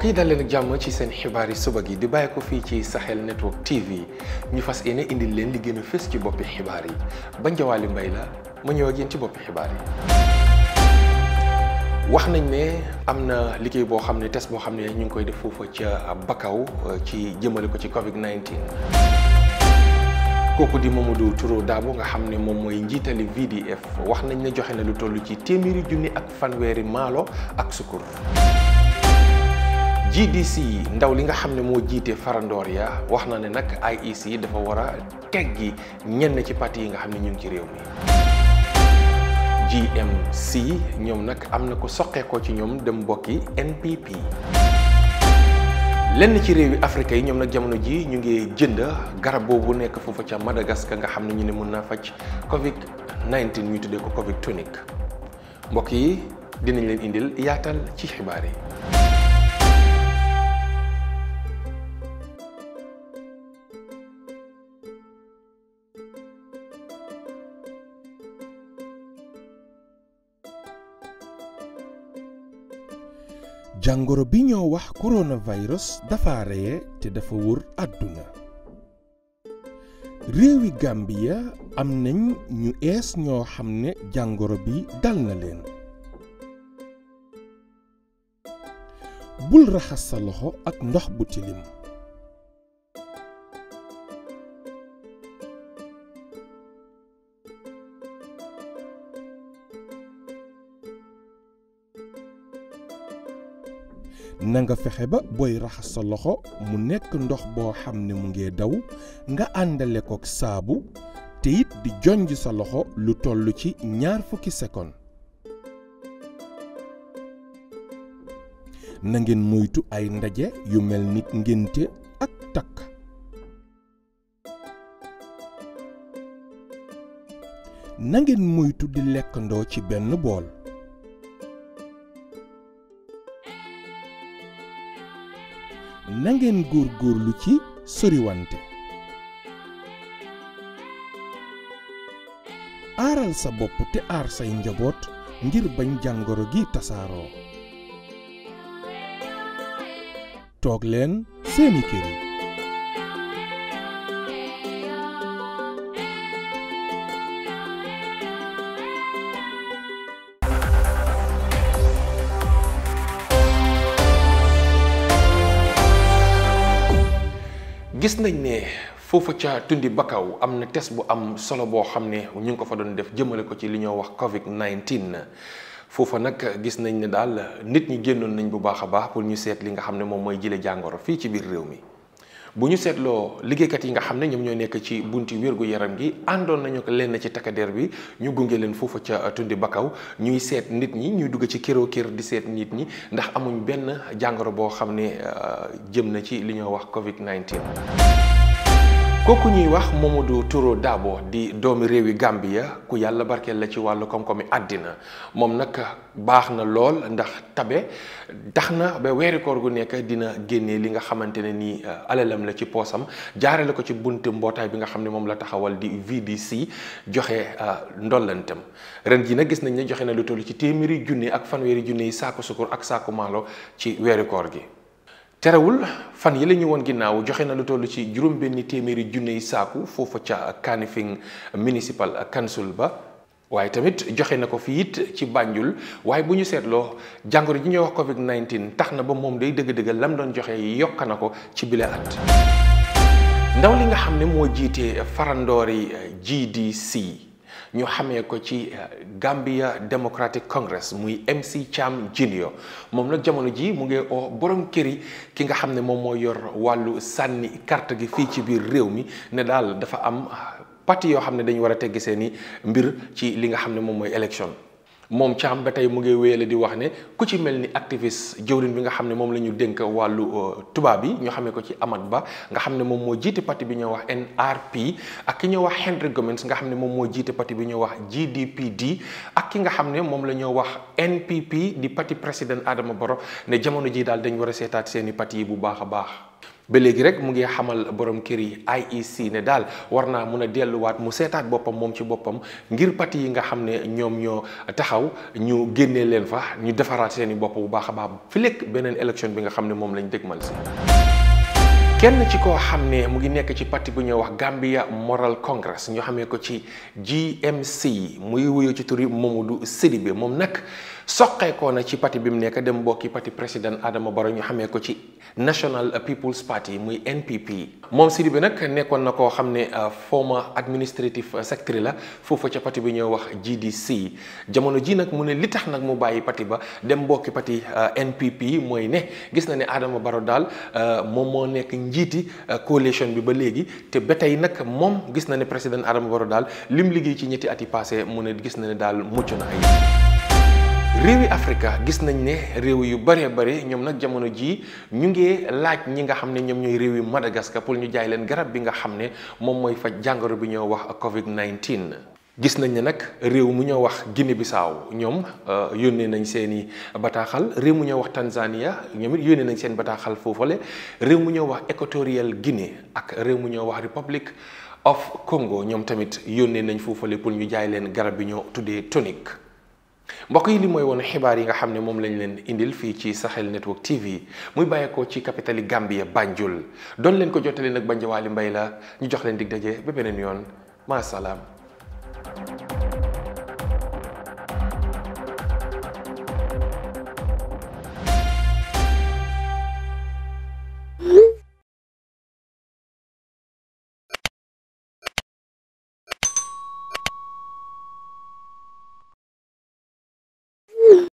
mbokk yi dal ci seen xibaari suba gi di bàyyi ko fii ci Sahel Network TV ñu fas yéene indil leen li gën a fës ci boppi xibaar yi Banjawaali Mbay la ma ñëw ak yéen ci boppi xibaar yi. wax nañ ne am na liggéey boo xam ne test boo xam ne ñu ngi koy def foofa ca Bakaw euh, ci jëmale ko ci Covid 19. kooku di Mamadou Touré Dabo nga xam ne moom mooy njiitali VDF wax nañ ne joxe na lu toll ci téeméeri junni ak fanweeri maalo ak sukkur. GDC ndaw li nga xam ne moo jiite farandoor ya wax na ne nag IEC dafa war a gi ñenn ci parti yi nga xam ne ñu ngi ci réew mi. GMC ñoom nag am na ko soqeekoo ci ñoom dem bokki NPP. lenn ci réew yi Afrique yi ñoom nag jamono ji ñu ngi jënd garab boobu nekk foofa ca Madagascar nga xam ne ñu ne mën naa faj Covid 19 ñu tuddee ko Covid tonic mbokk yi dinañ leen indil yaatal ci xibaar yi. jàngoro bi ñoo wax coronavirus dafa reye te dafa wër àdduna réewi Gambia am nañ ñu ees ñoo xam ne jàngoro bi dal na leen bul raxas sa loxo ak ndox bu tilim nanga fexe ba booy raxas sa loxo mu nekk ndox boo xam ne mu ngee daw nga àndale ko saabu te it di jonj sa loxo lu toll ci ñaar fukki seconde ay ndaje yu mel ni ngénte ak takk na ngeen moytu di lekkandoo ci benn bool na ngeen góorgóorlu ci soriwante aaral sa bopp te aar say njaboot ngir bañ jàngoro gi tasaaroo toog leen seeni kër yi gis nañ ne foofu ca tundi Bakaw am na test bu am solo boo xam ne ñu ngi ko fa doon def jëmale ko ci li ñoo wax Covid 19. foofa nag gis nañ ne daal nit ñi génnoon nañ bu baax a baax pour ñu seet li nga xam ne moom mooy jële jàngoro fii ci biir réew mi. bu ñu seetloo liggéeykat yi nga xam ne ñoom ñoo nekk ci bunti wérgu yaram gi àndoon nañu lenn ci takkadeer bi ñu gunge leen foofa ca tundi bakaw ñuy seet nit ñi ñuy dugg ci këroo kër di seet nit ñi ndax amuñ benn jàngoro boo xam ne euh, jëm na ci li ñoo wax covid 19 kooku ñuy wax moom Mamadou Touro Dabo di doomi réewi Gambia ku yàlla barkeel la ci wàllu koom-koomi àddina moom nag baax na lool ndax tabe tax na ba weeri koor gu nekk dina génne li nga xamante ne ni uh, alalam la ci poosam jaarale ko ci buntu mbootaay bi nga xam ne moom la taxawal di VDC joxe uh, ndollantam ren ji na gis nañ ne joxe na lu toll ci téeméeri junne ak fanweeri junne yi saako sukur ak saako maalo ci weeri koor gi. terewul fan yi la ñu woon ginnaaw joxe na lu toll ci juróom benni téeméeri junney saaku foofa ca Kanifing municipal council ba waaye tamit joxe na ko fii it ci bànjul waaye bu ñu seetloo jàngoro ji ñuy wax Covid 19 tax na ba moom day dëgg-dëgg lam doon joxe yokka na ko ci bile at. ndaw li nga xam ne moo jiite farandoori GDC. ñu xamee ko ci euh, Gambia Democratic Congress muy MC Cham Junior moom nag jamono ji mu ngi oo borom këri ki nga xam ne moom moo yor wàllu sànni carte gi fii ci biir réew mi ne daal dafa am euh, parti yoo xam ne dañu war a tegg seeni mbir ci li nga xam ne moom mooy élection moom Thiam ba tey mu ngi wéyale di wax ne ku ci mel ni activiste jëwrin bi nga xam ne moom la ñu dénk wàllu euh, tubaab yi ñu xamee ko ci Amat Ba nga xam ne moom moo jiite parti bi ñuy wax NRP ak ki ñuy wax Henry Gomez nga xam ne moom moo jiite parti bi ñuy wax GDPD ak ki nga xam ne moom la ñoo wax NPP di pati président Adama Barrow ne jamono ji daal dañ war a seetaat seeni parti yi bu baax a baax ba léegi rek mu ngi xamal borom kër yi IEC ne daal war naa mun a delluwaat mu seetaat boppam moom ci boppam ngir pati yi nga xam ne ñoom ñoo taxaw ñu génnee leen fa ñu defaraat seen i bopp bu baax a baax fi lekk beneen élection bi nga xam ne moom lañ dégmal si. kenn ci koo xam ne mu ngi nekk ci parti bu ñuy wax Gambia Moral Congress ñu xamee ko ci GMC muy wuyoo ci turi Momodou bi moom nag. soqeekoo na ci pati bi mu nekk dem mbokki pati président Adama Barrow ñu xame ko ci National People's Party muy NPP. moom Sidibé nag nekkoon na koo xam ne euh, former administrative secretary la foofu ca pati bi ñoo wax GDC jamono ji nag mu ne li tax nag mu bàyyi pati ba dem bokki parti euh, NPP mooy ne gis na ne Adama baro daal euh, moom moo nekk njiiti coalition bi ba léegi te ba tey nag moom gis na ne président Adama Barrow daal lim liggéey ci ñetti ati yi mu ne gis na ne daal mucc na ay réewi africa gis nañ ne réew yu bëree bëri ñoom nag jamono jii ñu ngi laaj ñi nga xam ne ñoom ñooy réew yu Madagascar pour ñu jaay leen garab bi nga xam ne moom mooy faj jàngoro bi ñoo wax Covid 19. gis nañ ne nag réew mu ñoo wax Guinée Bissau ñoom euh, yónnee nañ seen i bataaxal réew mu ñoo wax Tanzania ñoom it yónnee nañ seen bataaxal foofale réew mu ñoo wax Equatorial Guinée ak réew mu ñoo wax République of Congo ñoom tamit yónnee nañ foofale pour ñu jaay leen garab bi ñoo tuddee tonique. mbokk yi li mooy wone xibaar yi nga xam ne moom lañu leen indil fii ci Sahel Network TV muy bàyyeekoo ci capitali Gambia Banjul doon leen ko jottali nag Banjawaali Mbay la ñu jox leen dig daje ba beneen yoon maa salaam